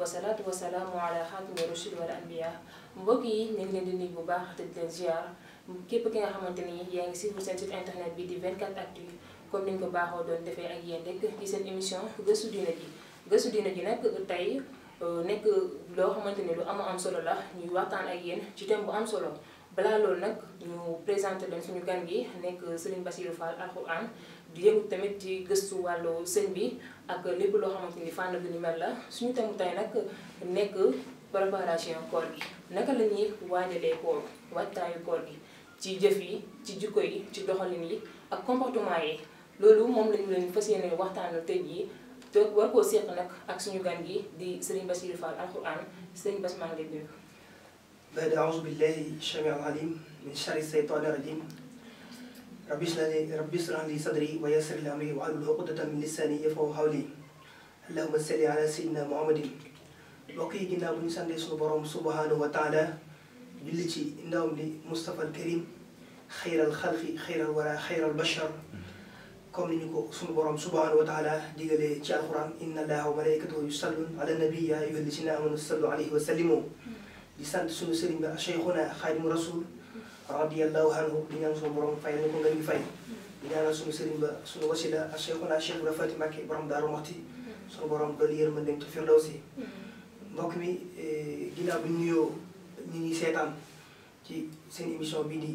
wasalaatu wasalaamu ala xaatimi rusul wal anbiya mbokk yi ñu ngi leen di nuyu bu baax te di leen ziar képp ki nga xamante ni yaa ngi suivre seen site internet bi di 24actu comme ni ñu ko baaxoo doon defee ak yéen rek ci seen émission gëstu diine ji gëstu diine ji nag tey euh, nekk loo xamante ni lu am am solo la ñuy waxtaan ak yéen ci thème bu am solo balaa loolu nag ñu présenté leen suñu gan gi nekk Serigne Bassirou Fall Alxuraan di yëngu tamit ci gëstu wàllu sëñ bi ak lépp loo xamante ni fànn bu ñu mel la suñu thème tey nag nekk préparation koor gi naka la ñuy waajalee koor waajtaayu koor gi. ci jëf yi ci jikko yi ci doxalin yi ak comportement yi loolu moom lañu leen fas yéene waxtaanal tey jii te war koo seq nag ak suñu gan gi di Serigne Bassirou Fall alxuraan Serigne Bass maa ngi lay nuyu. بعد أعوذ بالله الشميع العليم من شر الشيطان الرجيم رب اشرح لي رب اشرح لي صدري ويسر لي أمري واحلل عقدة من yi ginnaaw bu ñu santee suñu borom subhanahu wa julli ci ndaw li Moustapha al Karim xayral xalqi xayral wara xayral bashar comme ni ñu ko sunu borom subhanahu wa taala digalee ci alquran inna allaha wa malaikatahu yusallun ala nabi ya ayyuha alladina amanu sallu alayhi wa sallimu di sant sunu sëriñ ba cheikhuna xaadimu rasul radiallahu anhu di ñaan sunu borom fay nañu ko nga ñu fay di ñaanal sunu sëriñ ba sunu wasila cheikhuna cheikh Ibra Fati Mbacké borom daaru moxti sunu borom doolu yërmandeem ci firdawsi mbokk mi eh, ginnaaw ñi ngi seetaan ci seen émission bi di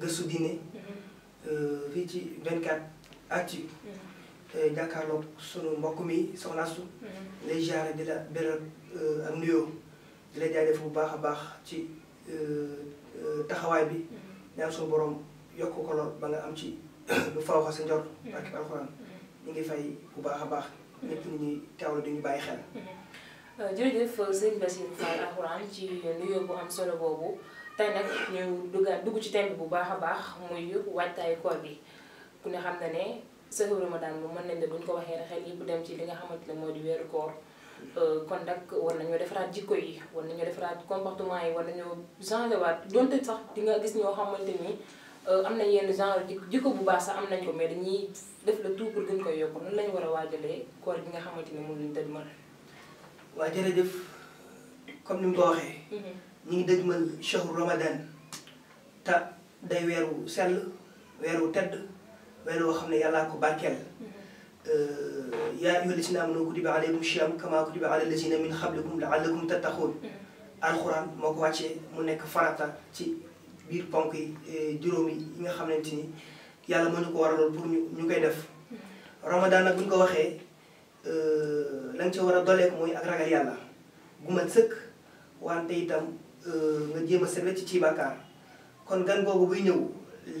gëstu diine mhm. euh, fii ci 24 actu mhm. euh, jàkkaarloog sunu mbokk mi soxna su mhm. lay jaare di la beral euh, ak nuyoo di la jaajëf bu baax a baax ci taxawaay bi ñaan sunu borom yokk ko lool ba nga am ci lu faaw sa njort barke alxuraan ñu ngi fay bu baax a baax ñëpp ñu ñuy teewlu di ñu bàyyi xel Euh, jërëjëf sëñ Bassirou Fall Alxuraan ci nuyoo bu am solo boobu tey nag ñu duggaat dugg ci thème bu baax a baax mooy muy waajtaayu koor bi ku ne xam na ne sëxu Ramadan moom mën nañ ne buñ ko waxee rek xel yëpp dem ci li nga xamante ne moo di weeru koor euh, kon nag war nañoo defaraat jikko yi war nañoo defaraat comportement yi war nañoo changé waat donte sax di nga gis ñoo xamante ni euh, am na yenn genre jikko bu baax sax am nañ ko mais dañuy def le tout pour gën koy yokk nan lañ war a waajalee koor gi nga xamante ni moom lañ tëdd waaw jërëjëf comme ni mu ko waxee. Mm-hmm. ñu ngi dëgmal shahru ramadan te day weeru sell weeru tedd weeru woo xam ne yàllaa ko barkeel. Mm-hmm. Euh, yaa ayyuha llazina amanu kutiba alaykum siyam kama kutiba ala llazina min qablikum laallakum tattaquun. Mm-hmm. alxuraan moo ko wàccee mu nekk farata ci biir ponk yi euh, juróom yi nga xamante ni yàlla moo ñu ko waraloon pour ñu ñu koy def. ramadan nag bu ñu ko waxee. Euh, la nga ca war a doleeku mooy ak ragal yàlla gu sëkk wante itam euh, nga jéem a seet ci ci bàkkaar kon gan googu buy ñëw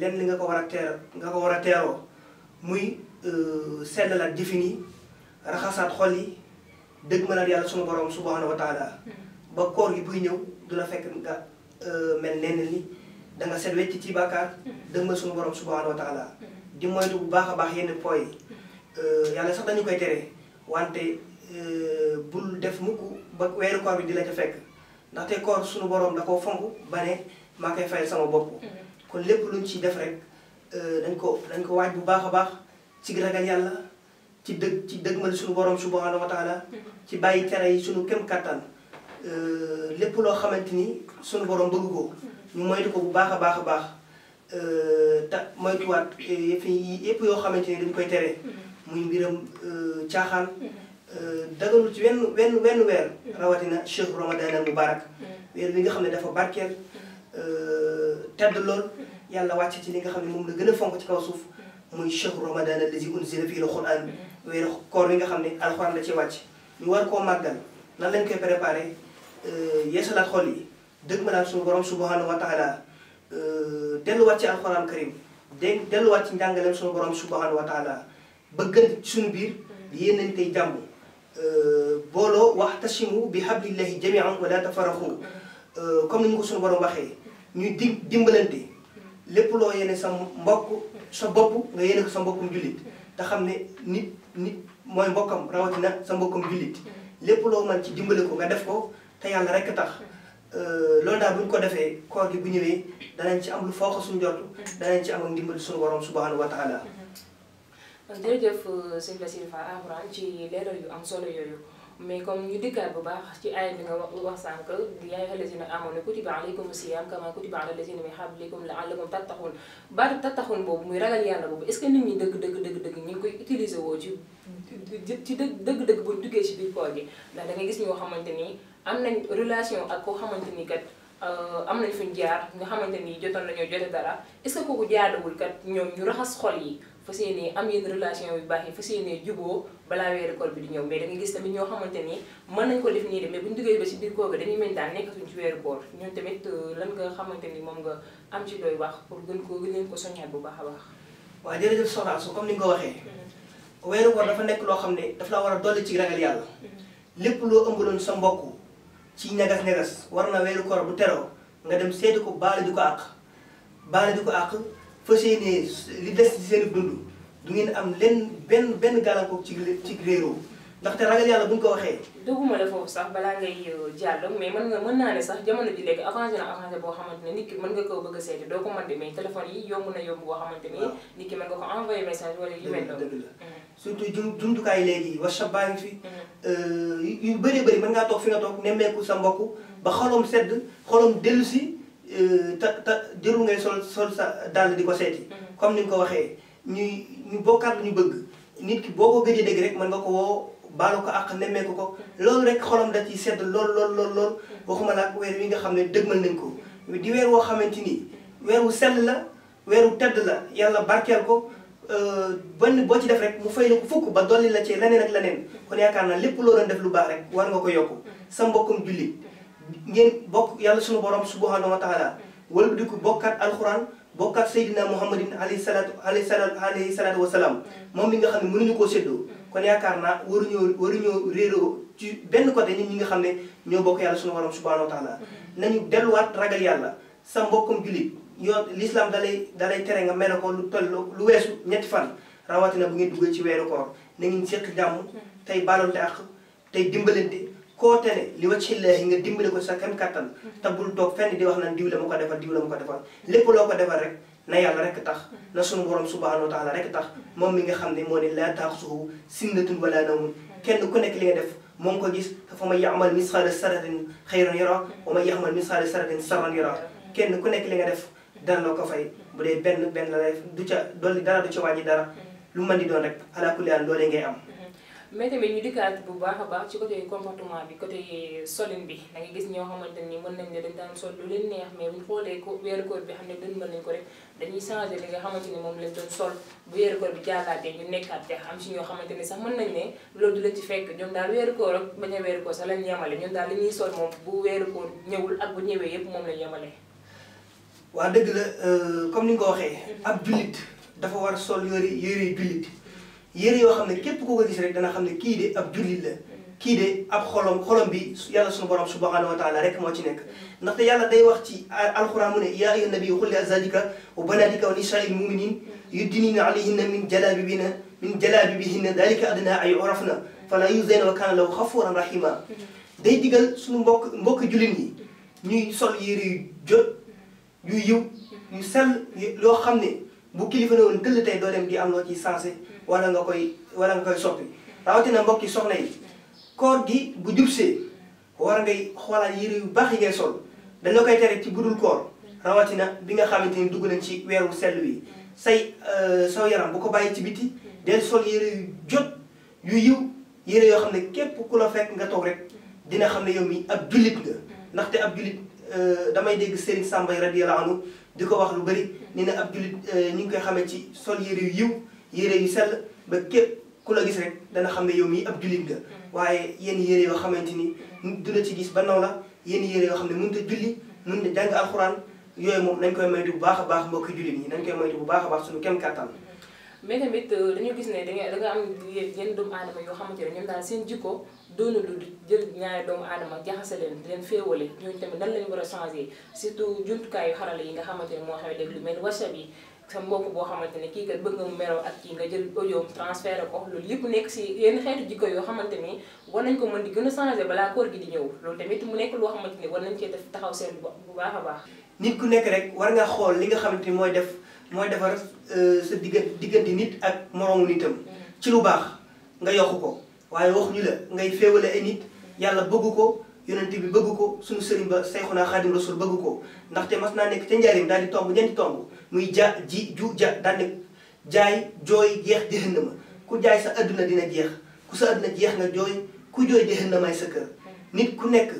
lenn li nga ko war a teer nga ko war a teeroo muy euh, seddalaat jëfin yi raxasaat xol yi dëgg ma laat yàlla sunu borom subhanahu wa hmm. ba koor gi buy ñëw du la fekk nga mel nenn ni da nga seet wecc ci bàkkaar hmm. dëgg ma sunu borom subhanahu wa hmm. di moytu bu baax a baax yenn pooy yàlla sax dañu koy tere wante euh, bul def mukk ba weeru koor bi di la ca fekk ndaxte koor suñu boroom da koo fonk ba ne maa koy fay sama bopp. Mhm. kon lépp luñ ciy def rek euh, dañ ko dañ ko waaj bu baax a baax ci ragal yàlla ci dëgg ci dëgmal suñu boroom subhaanahu wa taala mhm. ci bàyyi tere yi suñu kem kattan euh, lépp loo xamante ni suñu boroom bëgg ko mhm. ñu moytu ko bu baax a baax a baax te moytuwaat yëpp yëpp yoo xamante ni dañ koy teree muy mbiram euh, caaxaan. Mm-hmm. Euh, dagalul ci wenn wenn wenn weer. Mm-hmm. rawatina cheikh ramadan al mubarak mm-hmm. weer bi nga xam ne dafa barkeel. Euh, tedd lool. yàlla wàcc ci li nga xam ne moom la gën a fonk ci kaw suuf. muy cheikh ramadan allazi unzila fiihi al-quran. weeru koor wi nga xam ne alxuraan la ci wàcc. ñu war koo màggal nan lañ koy préparé yeesalaat xool yi dëgg ma daal suñu borom subhanahu wa taala delluwaat ci alxuraan karim dégg delluwaat ci njàngaleem suñu borom subhanahu wa bëggante suñu biir yéenante jàmm euh, booloo wax waxtasimu bi am jamian wala tafaraxu euh, comme ni ñu ko suñu borom waxee ñu di dimbalante lépp loo yéene sa mbokk sa bopp nga sa mbokkum jullit te xam ne nit nit mooy mbokkam rawatina sa mbokkum jullit lépp loo mën ci dimbale ko nga def ko te yàlla rek tax euh, loolu daal bu ko defee koor gi bu ñëwee danañ ci am lu fooxa suñu jot danañ ci am ak ndimbal suñu borom subhanahu wa taala Euh, jërëjëf euh, sëñ Bassirou Fall Alxuraan ci leeral yu am solo yooyu mais comme ñu dikkaat bu baax ci aaya bi nga wax wax sànq yaa ayyuhal lazina aamanu kutiba alaykum siyaam kamaa kutiba alal lazina min qablikum la'allakum boobu muy ragal yàlla boobu est que nit ñi dëgg dëgg dëgg dëgg ñu koy utiliser woo ci ci dëgg dëgg buñ duggee ci biir koor gi ndax da gis ñoo xamante ni am nañ relation ak koo xamante ni kat euh, am nañ fuñ jaar nga xamante nii jotoon nañoo jote dara est kat ñoom ñu raxas xol yi fas yéenee am yenn relation yu baax yi fas yéenee juboo balaa weeru koor bi di ñëw mais da nga gis tamit ñoo xamante ni mën nañ ko def nii de mais bu ñu duggee ba si biir koor ga dañuy mel daan nekkatuñ ci weeru koor ñun tamit euh, lan nga xamante ni moom nga am ci looy wax pour gën koo leen ko soññaat bu baax a baax waaw jërëjëf soxna su comme ni nga ko waxee mm-hmm. weeru koor dafa nekk loo xam ne dafa la war a dolli ci ragal yàlla mm-hmm. lépp loo ëmbaloon sa mbokk ci negas-negas war na weeru koor bu teroo nga dem seeti ko baale di ko àq baale di ko àq fas yéene li des ci seen dund du ngeen am lenn benn benn gàllankoor ci ci réeroo ndaxte ragal yàlla bu ñu ko waxee. dugguma la foofu sax balaa ngay euh, jàll mais man nga mën naa ne sax jamono ji léegi avancé boo xamante ne nit ki mën nga koo bëgg a seeti doo ko mën di mais téléphone yi yomb na yomb boo xamante ne nit ki mën nga ko envoyé message wala yu mel noonu. Mm. surtout jum jumtukaay léegi WhatsApp baa ngi fi. Mm. Euh, yu bëree bëri mën ngaa toog fi nga toog nemmeeku sa mbokk. ba mm. xolom sedd xolom dellu si. Euh, ta ta jëru ngay sol sol sa dàll di ko seeti. Mm-hmm. comme ni ko waxee ñuy ñu bokkaat lu ñu bëgg nit ki boo ko gëj a dégg rek mën nga ko woo baalu ko àq nemmeeku ko mm-hmm. loolu rek xolam da ciy sedd lool lool lool lool mm-hmm. waxuma nag weer wi nga xam ne dëgmal nañ ko di weer woo xamante ni weeru sell la weeru tedd la yàlla barkeel ko euh, benn boo ci def rek mu fay la ko fukk ba dolli la ci leneen ak leneen kon yaakaar naa lépp loo doon def lu baax rek war nga ko yokk sa mbokkum ngeen bokk yàlla sunu borom subhanahu wa taala wala di ko bokkaat alxuraan bokkaat Seydina Muhammadin alayhi salaatu alayhi salaatu alayhi salaatu wa salaam moom mi nga xam ne mënuñu koo séddoo. kon yaakaar naa waruñoo waruñoo réeroo ci benn côté ñun ñi nga xam ne ñoo bokk yàlla sunu borom subhanahu wa taala nañu delluwaat ragal yàlla sa mbokkum jullit yoon l'islam dalay dalay tere nga mel ko lu toll lu weesu ñetti fan rawatina bu ngi duggee ci weeru koor na ngeen séq jàmm tey baalante ak tey dimbalante. koo tane li wacillaahi nga dimbale ko sa kem kattan mm-hmm. te bul toog fenn di wax naan diw moo ko defal diw la ma ko defal lépp loo ko defal rek na yàlla rek tax mm-hmm. na sunu borom subhaanahu wa taala rek tax mm-hmm. moom mi nga xam ne moo ne laa taaxusuhu sinnatun wala nawmun kenn ku nekk li nga def moo ngi ko gis te fa man ya'mal misqaala sarratin xayran yara wa man ya'mal misqaala sarratin sarran yara kenn ku nekk li nga def dana la ko fay bu dee benn benn la du ca dolli dara du ca wàññi dara lu mën di doon rek ala kulli ngay am mais tamit ñu dikkaat bu baax a baax ci côté comportement bi côté solin bi da nga gis ñoo xamante ni mën nañ ne dañ daan sol lu leen neex mais bu ñu xoolee ko weeru koor bi xam ne dënnu mën nañ ko rek dañuy changé li nga xamante ni moom lañ doon sol bu weeru koor bi jaalaatee ñu nekkaat te am si ñoo xamante ni sax mën nañ ne loolu du leen ci fekk ñoom daal weeru koor ak bañ a weeru koor sax lañ yemale ñoom daal li ñuy sol moom bu weeru koor ñëwul ak bu ñëwee yépp moom lañ yemale. waa dëgg la euh, comme ni nga ko waxee. Mm-hmm. ab jullit dafa war sol yëre yëre jullit yére yoo xam ne képp ku dana xam ne kii de ab jullit la kii de ab xolom xolom bi yàlla suñu borom subhanahu wa taala rek moo ci nekk ndaxte yàlla day wax ci alxuraan mu ne yaa ayyuhan nabiyyu qul li azwaajika wa banaatika wa nisaa'il mu'miniina yudniina alayhinna min jalaabibihinna min na daalika adnaa an yu'rafna falaa yuzayna wa kaana llaahu ghafuuran rahiimaa day digal suñu mbokk mbokk jullit yi ñuy sol yére yu jot yu yiw yu sell loo xam ne bu kilifa ne woon tëll tey doo am loo ciy sensé wala nga koy wala nga koy soppi rawatina mbokki soxna yi koor gi bu jubsee war a ngay xoolaat yëre yu baax yi ngay sol dañoo koy tere ci budul koor rawatina bi nga xamante ni dugg nañ ci weeru sell wi say euh, soo yaram bu ko bàyyi ci biti del sol yére yu jot yu yiw yére yoo xam ne képp ku la fekk nga toog rek dina xam ne yow mi ab jullit nga ndaxte ab jullit euh, damay dégg Serigne Sambay radiyallahu anhu di ko wax lu bëri nee na ab jullit euh, ñu ngi koy xamee ci sol yére yu yiw yére yu sell ba képp ku la gis rek dana xam ne yow mii ab jullit nga mm. waaye yenn yére yoo xamante ni mm. du la ci gis ba naw la yenn yére yoo xam ne mënut a julli mm. mënut a jàng alxuraan yooyu moom nañ koy moytu bu baax a baax mbokki jullit ñi nañ koy moytu bu baax a baax suñu kem kàttan mais tamit euh, dañu gis ne danga danga am yenn doomu aadama yoo xamante ne ñoom daal seen jikko doona lu jël ñaari doomu aadama jaxase leen di leen féewale ñooñu nan lañu war a changé surtout jumtukaay yu xarala yi nga xamante ne moo xew léegi lu mel WhatsApp yi sa mbokk boo xamante ne kii kat bëgg nga mu meroo ak kii nga jël audio transféré ko loolu yëpp nekk si yenn xeetu jikko yoo xamante ni war nañ ko mën di gën a changé balaa koor gi di ñëw loolu tamit mu nekk loo xamante ni war nañ cee def taxaw seen bu baax a baax nit ku nekk rek war nga xool li nga xamante ni mooy def mooy defar euh, sa digga diggante nit ak moroomu nitam mm-hmm. ci lu baax nga yokk ko waaye waxuñu la ngay féewale ay nit yàlla bëgg ko yonent bi bëgg ko suñu sëriñ ba Seyxuna Xaadim Rasul bëggu ko ndax te mas naa nekk ca njaarim daal di tomb ñeenti tomb muy ja ji ju ja daan nekk jaay jooy jeex jahannama ku jaay sa adduna dina jeex ku sa adduna jeex nga jooy ku jooy jahannamaay sa kër nit ku nekk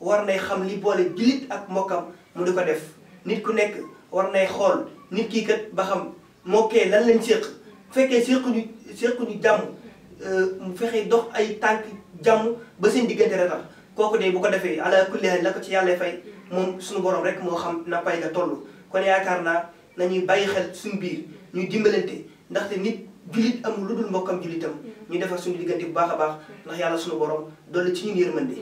war nay xam li boole jullit ak mokkam mu di ko def nit ku nekk war nay xool nit kii kat ba xam mokkee lan lañ séq fekkee séquñu séquñu jàmm euh, mu fexe dox ay tànk jàmm ba seen diggante ratax kooku de bu ko defee ala kulli la ko ci yàlla fay moom suñu borom rek moo xam na pay nga toll kon yaakaar naa ñuy bàyyi xel suñu biir ñuy dimbalante ndaxte nit jullit amul lu dul mbokkam jullitam ñu defar suñu diggante bu baax a baax ndax yàlla suñu borom dolli ci ñun yërmande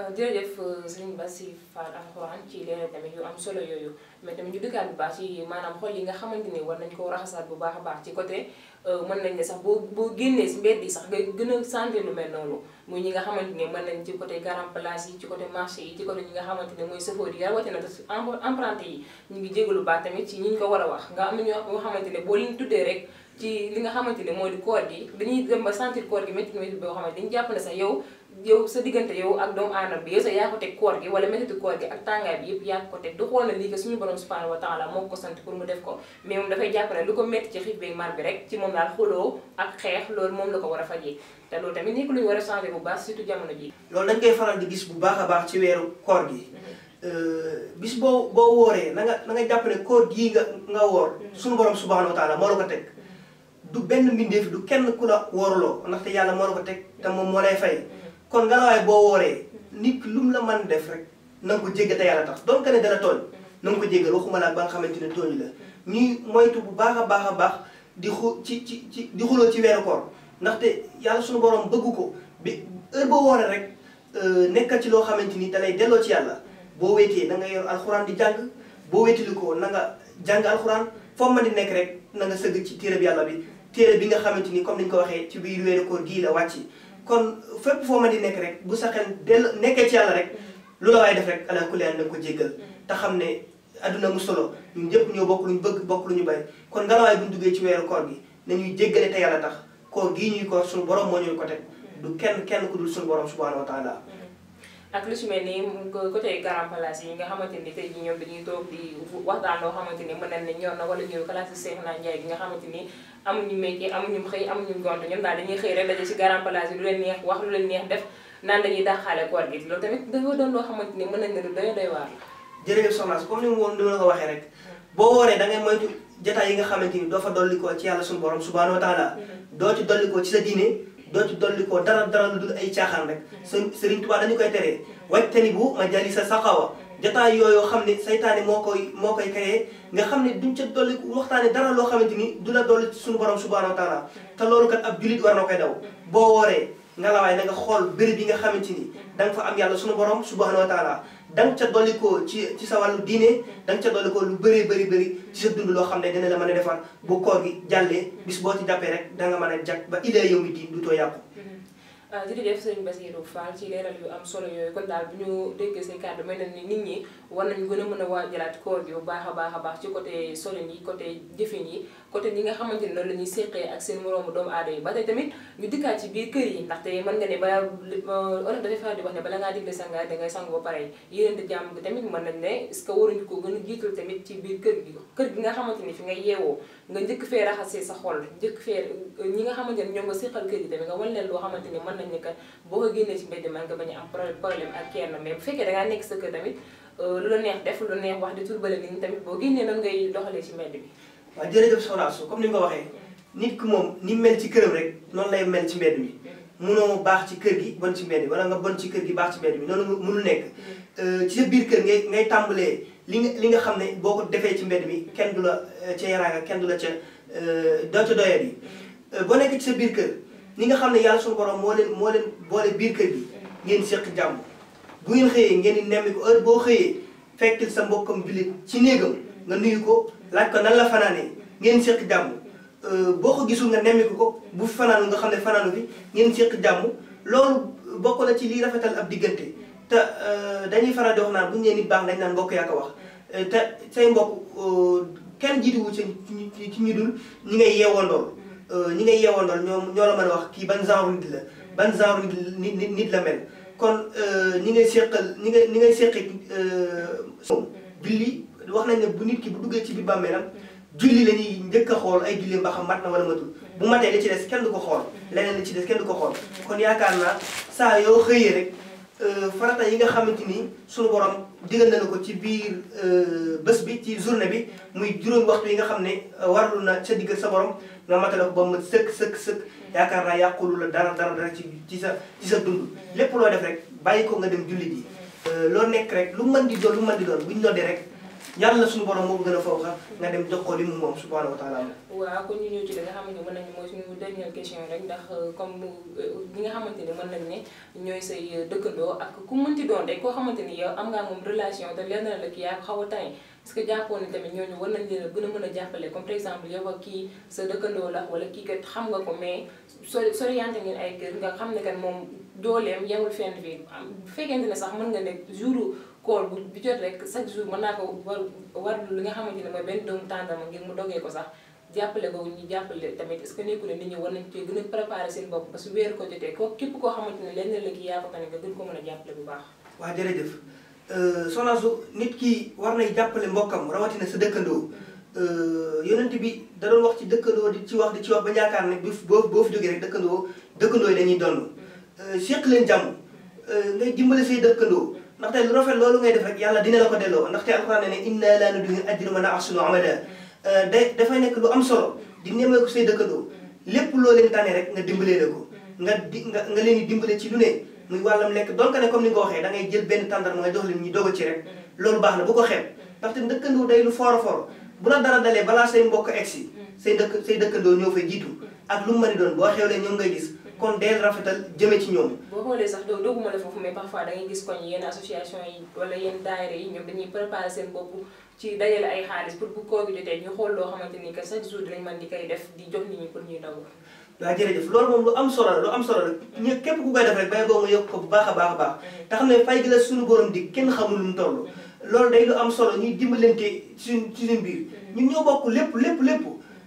Euh, jërëjëf euh, sëriñ Bassi Fall alxuraan ci leeral tamit yu am solo yooyu mais tamit ñu dëkkaat bu baax ci maanaam xol yi nga xamante ni war nañ ko raxasaat bu baax a baax ci côté euh, mën nañ ne sax boo boo génnee si mbedd yi sax nga gën a sentir lu mel noonu muy ñi nga xamante ne mën nañ ci côté garam place yi ci côté marché yi nga xamante ne mooy safóor yi rawatina emprunté yi ñu ngi jégalu baax tamit ci ñi ñu ko war a wax nga am na ñoo xamante ne boo leen tuddee rek ci li nga xamante ne moo di koor gi dañuy dem ba sentir koor gi métti métti boo xamante dañu jàpp ne sax yow yow sa diggante yow ak doomu aadama bi yow sax yaa teg koor gi wala métti koor gi ak tàngaay bi yëpp yaa ko teg du xool na lii que suñu borom subhanahu wa taala moo ko sant pour mu def ko mais moom ko métti ci xiif rek ci moom daal xuloo ak xeex loolu moom la ko war a fajee te loolu tamit nekk luy war a changé bu baax surtout jamono ji loolu dañ koy faral di gis bu baax baax ci weeru koor gi euh, bis boo boo wooree na nga na nga jàpp ne koor gii nga nga woor suñu borom subhanahu wa taala moo ko teg du benn mbindeef du kenn ku la woorloo ndaxte yàlla moo la ko teg te moom moo lay fay kon nga la waaye boo wooree nit lu mu la mën def rek na ko jéggal te yàlla tax donc ne dana tooñ na nga ko jéggal waxuma laa ba nga xamante ne tooñ la ñuy moytu bu baax a baax a baax di xu ci ci ci di xuloo ci weeru koor ndaxte yàlla suñu borom bëgg ko bi heure boo wooree rek euh, nekkal ci loo xamante ni dalay delloo ci yàlla boo wéetee na nga yor alxuraan di jàng boo wéetali ko na nga jàng alxuraan foo mën di nekk rek nanga sëgg ci téere bi yàlla bi téere bi nga xamante ni comme ni ñu ko waxee ci biir weeru koor gii la wàcc kon fépp foo mën di nekk rek bu sa xel dell nekkee ci yàlla rek mm-hmm. lu la waaye def rek ala kulli da nga ko jéggal mm-hmm. te xam ne àdduna mu solo ñun ñëpp ñoo bokk lu ñu bëgg bokk lu ñu bari kon ngelawaay bu ñu duggee ci weeru koor gi nañuy jéggale te yàlla tax koor gii ñuy koor suñu borom moo ñuy ko teg mm-hmm. du kenn kenn ku dul suñu borom subhanahu wa ak lu si mel ni côté grand place yi nga xamante ni tey jii ñoom dañuy xamante ne ñor na xamante ni amuñu métier amuñu xëy amuñu gont ñoom daal xëy rek daje si grand place yi lu leen neex wax lu ni mën nañ ne doy doy waar la jërëjëf soxna comme ni mu woon li ko waxee rek hmm. boo wooree da ngay jotaay yi nga xamante ni doo fa dollikoo ci yàlla suñu borom subhanahu wa taala hmm. doo ci dollikoo ci sa diine doo ci dolli dara dara lu dul ay caaxaan rek mm-hmm. Sëriñ Tuubaa dañu koy teree wajtani bu ma jali sa saqawa mm-hmm. jotaay yooyu xam ne seytaane moo koy moo koy créé mm-hmm. nga xam ne duñ ca dolli waxtaane dara loo xamante ni du la dolli suñu borom subhaanahu wa taala te loolu kat ab jullit war na koy daw boo wooree nga la waay xool bëri bi nga xamante ni da nga fa am yàlla suñu borom subhaanahu wa taala da ca dolli ko ci ci sa wàllu diine da ca dolli ko lu bëree bëri bëri ci sa dund loo xam ne dina la mën a defar bu koor gi jàllee bis boo ci jàppee rek danga nga mën a jag ba illee yow mi diin du too yàqu mm-hmm. uh, jërëjëf sëriñ Bassirou Fall ci leeral yu am solo yooyu kon daal bu ñu déggee say kàddu mel na ni nit ñi war nañu gën a mën a waajalaat koor gi bu baax a baax a baax ci côté solin yi côté jëfin yi côté ñi nga xamante ni loolu la ñuy séqee ak seen moroomu doomu aada yi ba tey tamit ñu dikkaat ci biir kër yi ndaxte mën nga ne balaa euh, olof dafay faral di wax ba nañ ne est-ce que waruñu gën a jiital tamit ci biir kër gi kër gi nga xamante ni fi nga yeewoo nga njëkk fee raxasee sa xol njëkk fee euh, ñi nga xamante ni ñoom nga séqal kër gi tamit leen loo xamante ni mën nañ ne kat boo ko génnee a am problème ak kenn mais bu fekkee da euh, lu neex def lu neex wax di turbale nit ñi tamit boo génnee nan ngay doxalee ci mbedd bi waaw jërëjëf soxna su comme ni nga waxee nit ku moom ni mel ci këram rek noonu lay mel ci mbedd mi munoo baax ci kër gi bon ci mbedd mi wala nga bon ci kër gi baax ci mbedd mi noonu munu nekk euh, ci sa biir kër ngay ngay tàmbalee li nga li nga xam ne boo ko defee ci mbedd mi kenn du la euh, ci yaraanga kenn du la ca euh, doo ca doyat yi boo nekk ci sa biir kër ni nga xam ne yàlla suñu borom moo leen moo leen boole biir kër gi ngeen séq jàmm bu ngeen xëyee ngeen di nemmi ko heure boo xëyee fekkil sa mbokkam jullit ci néegam nga nuyu ko laaj ko nan la fanaanee ngeen séq jàmm euh, boo ko gisul nga nemmiku ko bu fanaanu nga xam ne fanaanu bi ngeen séq jàmm loolu bokk na ci liy rafetal ab diggante te euh, dañuy faral di wax naan bu ñu nit baax nañ naan mbokk yaa ko wax euh, te say mbokk kenn jiituwu ci ci ñu dul ñi ngay yeewandool ñi ngay yeewandool ñoo ñoo la mën a wax kii ban genre nit la ban genre nit nit la mel kon ñi ngay séqal ñi ngay ñi ngay séqi moom julli wax nañ ne bu nit ki bu duggee ci biir bàmmeelam julli la ñuy njëkk a xool ay julli mba xam mat na wala matul bu matee li ci des kenn du ko xool leneen li ci des kenn du ko xool kon yaakaar naa saa yoo xëyee rek euh, farata yi nga xamante ni suñu borom digal na ko ci biir euh, bés bi ci journée bi muy juróom waxtu yi nga xam ne euh, warlu na sa diggal sa borom nga matale ko ba mu sëkk sëkk sëkk yaakaar naa yàqulu la dara dara dara ci ci sa ci sa dund lépp loo def rek bàyyi ko nga dem julli ji loo nekk rek lu mën di doon lu mën di doon rek yàlla suñu borom moo gën a faw sax nga dem jox ko li mu moom subhaanahu wa taala waaw kon ñu ñëw ci nga xamante ne mën nañu mooy euh, euh, nañ ne ñooy say euh, dëkkandoo ak ku mënti doon rek koo xamante ni yow am ngaa moom relation te leer na la kii yaa xaw a tane parce que jàppoon ne tamit ñooñu war nañ a gën a mën a jàppale comme par exemple yow ak kii sa dëkkandoo la wala kii kat xam nga ko mais so soriante ngeen ay kër nga xam ne kat moom dooleem yemul fenn fii fekkente ne sax mën nga ne jour koor bu bi jot rek chaque jour mën naa ko war war li nga xamante ne mooy benn doomu tàndama ngir mu dogee ko sax jàppale ko ñu jàppale tamit est-ce que nekku nit ñi war nañ cee gën a préparer seen bopp parce que weer ko jotee ko képp koo xamante ne lenn la a jàppale bu baax waaw jërëjëf euh, soxna nit ki war nay jàppale mbokkam rawatina sa dëkkandoo mm-hmm. euh, yonent bi da wax ci dëkkandoo di ci wax di ci wax ba yaakaar ne bi boo boo fi jógee rek dëkkandoo dëkkandoo yi dañuy donn mm-hmm. euh, seq leen jàmm mm-hmm. ngay dimbale say dëkkandoo ndaxte lu rafet loolu ngay def rek yàlla dina la ko delloo ndaxte alxuraan ne ne euh, nekk lu am solo di nemmeeku say dëkkandoo lépp loo leen tànnee rek nga dimbalee la ko nga di nga nga leen di dimbale ci lu ne muy wàllam lekk waxee da ngay jël benn tàndar mooy jox leen ñu dogal ko xeeb ndaxte dëkkandoo day lu foor la dara dalee balaa say mbokk egsi say dëkk say dëkkandoo ñoo fay jiitu ak lu mu doon boo xewlee ñoom ngay gis kon deel rafetal jëme ci ñoom. boo xoolee sax doo dogguma la foofu mais parfois da ngay gis koñ yenn association yi wala yenn daayira yi ñoom dañuy préparer seen bopp ci dajale ay xaalis pour bu koor gi jotee ñu xool loo xamante ni que chaque jour dinañ mën di koy def di jox nit solo lu am solo la ñu ku koy def rek ko bu baax a baax a baax te xam ne fay gi suñu borom di kenn xamul lu mu mm-hmm. loolu day lu am solo ñuy dimbalante ci suñ ci suñ biir mm-hmm. ñu ñoo bokk lépp lépp lépp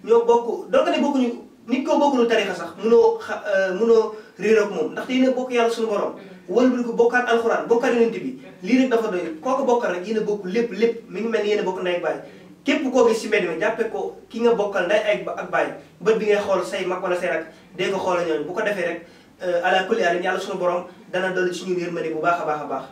ñoo bokk donc ne bokkuñu nit koo bokkul tarixa sax mënoo xa euh, mënoo réer ak moom ndax yéen ne bokk yàlla suñu borom. Mm-hmm. wëlbul ko bokkaat alxuraan bokkaat yonent bi. Mm-hmm. lii rek dafa doy kooku bokkal rek yéen a bokk lépp lépp mi ngi mel ni yéen a bokk ndey ak baay. képp koo gis si mbedd mi jàppee ko ki nga bokkal nday ay ak baay bët bi ngay xool say mag wala say rak dee ko xoola ñooñu bu ko defee rek euh, ala kulli alim yàlla suñu borom dana dolli ci ñun yërmande bu baax a baax a baax.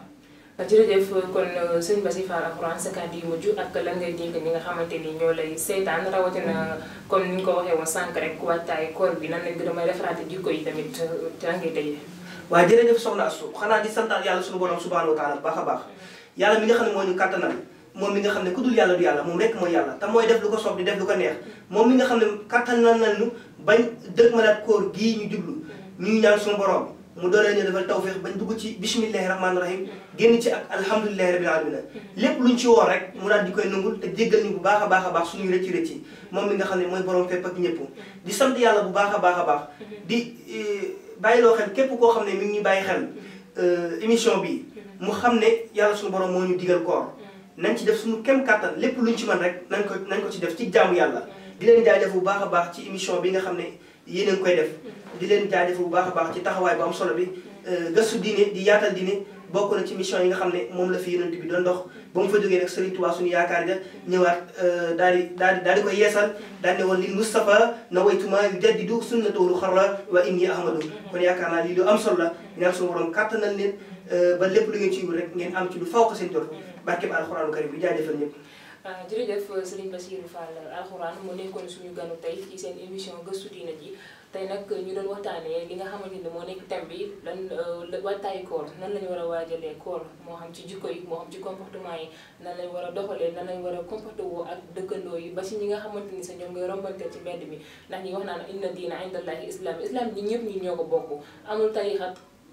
jërëjëf kon euh, sëñ Bassi Fall Alxuraan sa kàddu yu mujj ak lan ngay dénk ñi nga xamante ni ñoo lay seetaan rawatina comme ni ñu ko waxee woon sànq rek waajtaay koor bi nan lañ gën a may defaraate jikko yi tamit lan euh, di santaat yàlla suñu borom subhaanahu baax a baax yàlla mi nga xam ne moo ñu kàttanal moom mi nga xam ne ku dul yàlla du yàlla moom rek mooy yàlla te mooy def lu ko soob di def lu ko neex moom mi nga xam ne kàttanal nañu bañ dëkk malaat koor gii ñu jublu mm-hmm. ñuy ñaan suñu borom mu doole ñu defal tawféex bañ dugg ci bismillahi rahmaani rahim génn ci ak alhamdulilahi rabbil alamin lépp lu ñu ci woor rek mu daal di koy nangul te jéggal ñu bu baax a baax a baax suñuy rëcci rëcci moom mi nga xam ne mooy borom fépp ak ñëpp di sant yàlla bu baax a baax a baax di e, bàyyiloo xel képp koo xam ne mi ngi ñu bàyyi xel e, émission bi mu xam ne yàlla suñu borom moo ñu digal koor nañ ci def suñu kem kàttan lépp lu luñ ci mën rek nañ ko nañ ko ci def ci jaamu yàlla di leen def bu baax a baax ci émission bi nga xam ne yéen ngi koy def di leen jaajëf bu baax a baax ci taxawaay bu am solo bi e, gëstu diine di yaatal diine bokk na ci mission yi nga xam ne moom la fi yonent bi doon dox ba mu fa jógee nag Serigne Touba suñu yaakaar ja ñëwaat euh, daal di daal di daal di koy yeesal daal ne woon lil Moustapha nawaytuma yujaddidu sunnatahu xarra wa inni ahmadu kon yaakaar naa lii lu am solo la ñaan suñu borom kàttanal leen euh, ba lépp lu ngeen ci wut rek ngeen am ci lu faw ko seen jot barkeb alxuraanu karim bi jaajëfal ñëpp Ah, jërëjëf euh, Serigne Bassirou Fall euh, alxuraan mu nekkoon suñu ganu tey ci seen émission gëstu diina ji tey nag ñu doon waxtaanee li nga xamante ni moo nekk thème bi lan euh, waajtaayu koor nan lañu war a waajalee koor moo xam ci jikko yi moo xam ci comportement yi nan lañ war a doxalee nan lañ war a comporté woo ak dëkkandoo yi ba si ñi nga xamante ni sa ñoom ngay rombante ci mbedd mi ndax ñi wax naan inna diina indallahi islam islam ñi ñëpp ñi ñoo ko bokk amul tariixa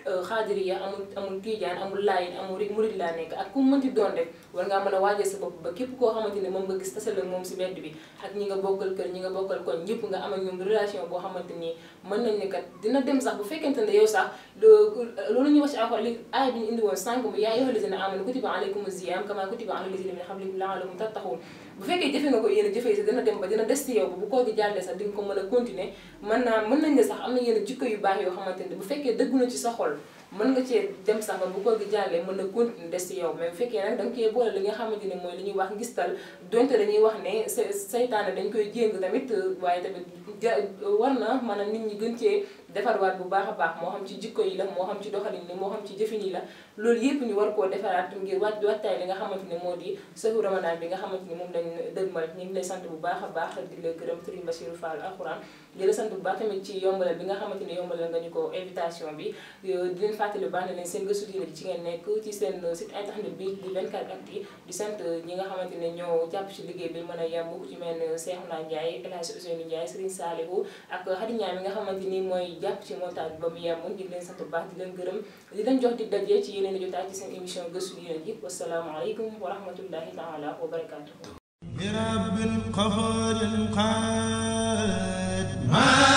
Euh, xaadiriya amul amul tiijaan amul laayin amul rek murid laa nekk ak ku mënti doon rek war ngaa mën a waajal sa bopp ba képp koo xamante ne moom nga gis tasal moom si mbedd bi ak ñi nga bokkal kër ñi nga bokkal koñ ñëpp ni mën nañ ne sax bu fekkente ne yow sax loolu ñuy wax ci alxuraan li aaya bi ñu indi woon sànq mu yaa ayyuhal lazina aamanu ko a jëfee sa dina dem mën a continuer mën naa mën nañ ne sax am na yenn jikko yu baax yoo xamante bu fekkee dëggu na ci sa xol mën nga cee dem sax bu ko jàllee mën na ko des ci yow mais fekkee nag da nga koy boole li nga xamante ne mooy li ñuy wax ngistal donte dañuy wax ne say saytaane dañ koy jéng tamit waaye tamit war na maanaam nit ñi gën cee defarwaat bu baax a baax moo xam ci jikko yi la moo xam ci doxalin yi moo xam ci jëfin yi la loolu yëpp ñu war koo defaraat ngir wàcc waxtaay li nga xamante ne moo di sëfu ramadaan bi nga xamante ni moom lañ dëgmal ñu ngi lay sant bu baax a baax di la gërëm Serigne Bassirou di la sant bu baax tamit ci yombalal bi nga xamante ne yombalal nga ñu ko invitation bi euh, di leen fàttali bu baax ne leen seen gëstu diine ji ci ngeen nekk ci seen site internet bi di 24 nga xamante ne ñoo jàpp ci liggéey bi a yemb ku ci mel ne Cheikhouna Ndiaye El Hadj Ousseynou Ndiaye Serigne Salihu ak Khady Ndiaye mi nga xamante ni mooy jàpp ci montage bi ba mu yemb di leen sant bu baax di leen gërëm di di daje ci yeneen jotaay ci seen émission gëstu diine ji wasalaamaaleykum wa rahmatullahi taala wa barakaatu برب قهار قادر ma